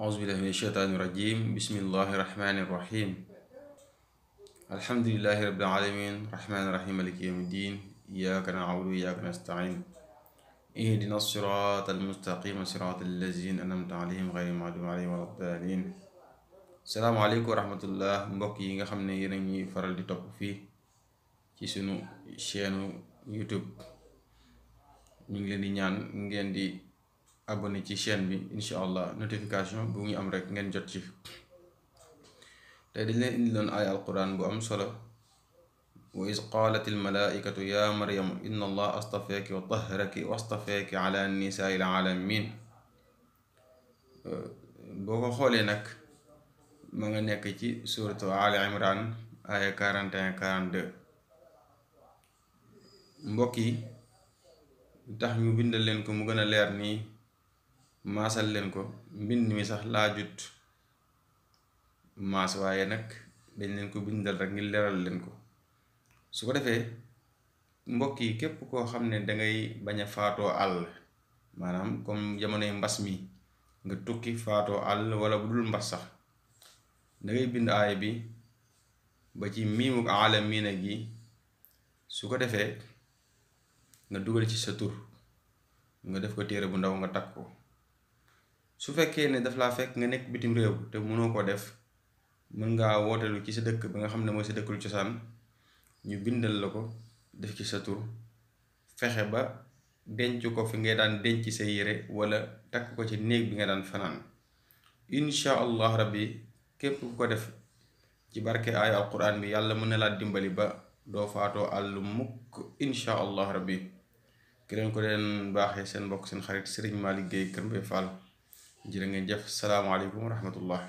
aousubillahi min asheytaani irajim bismillahi irrahmani irrahim alhamdulilahi rabbil alamin rahmaaniirahim maliki yawmi ddin iyyaka na'budu wa iyyaka nasta'in ihdina sirata almustaqima sirata allazina an'amta alayhim ghayril maghdubi alayhim wa laddaalin salaamaaleykum wa rahmatullah mbokk yi nga xam ne yéen a ñuy faral di topp fii ci sunu chaîne YouTube abonné ci chaîne bi incha allah notification bu ñu am rek ngeen jot ci tey dañ leen indi loon ay alquran bu am solo wa is qaalat almalaikatu ya maryamu inna allah astafeeki wa wa astafeeki ala nisaai alamin boo ko xoolee nag ma nga nekk ci suratu yi tax ñu bindal leen ko mu gën a leer nii maasal leen ko mbind mi sax laajut maas waaye nag dañ leen ko bindal rek ngir leeral leen ko su ko defee mbokk yi képp koo xam ne dangay bañ a faatoo àll maanaam comme jamonoy mbas mi nga tukki faatoo àll wala bu dul mbas sax dangay bind aay bi ba ci miimuk aalamiina gi su ko defee nga dugal ci sa tur nga def ko téere bu ndaw nga takk ko su fekkee ne daf laa fekk nga nekk bitim réew te mënoo ko def mën ngaa wootelu ci sa dëkk ba nga xam ne mooy sa dëkkul cosaan ñu bindal la ko def ci sa tur fexe ba denc ko fi ngay daan denc sa yére wala takk ko ci néeg bi nga daan fanaan incha allah rabbi képp ku ko def ci barke aaya alquran bi yàlla mën na laa dimbali ba doo faatoo àll mukk incha allah rabbi ki leen ko leen baaxee seen mbokk seen xarit Serigne Malick Gueye Kër Mbaye Fall jërë ngeen jëf salaamaaleykum wa rahmatullah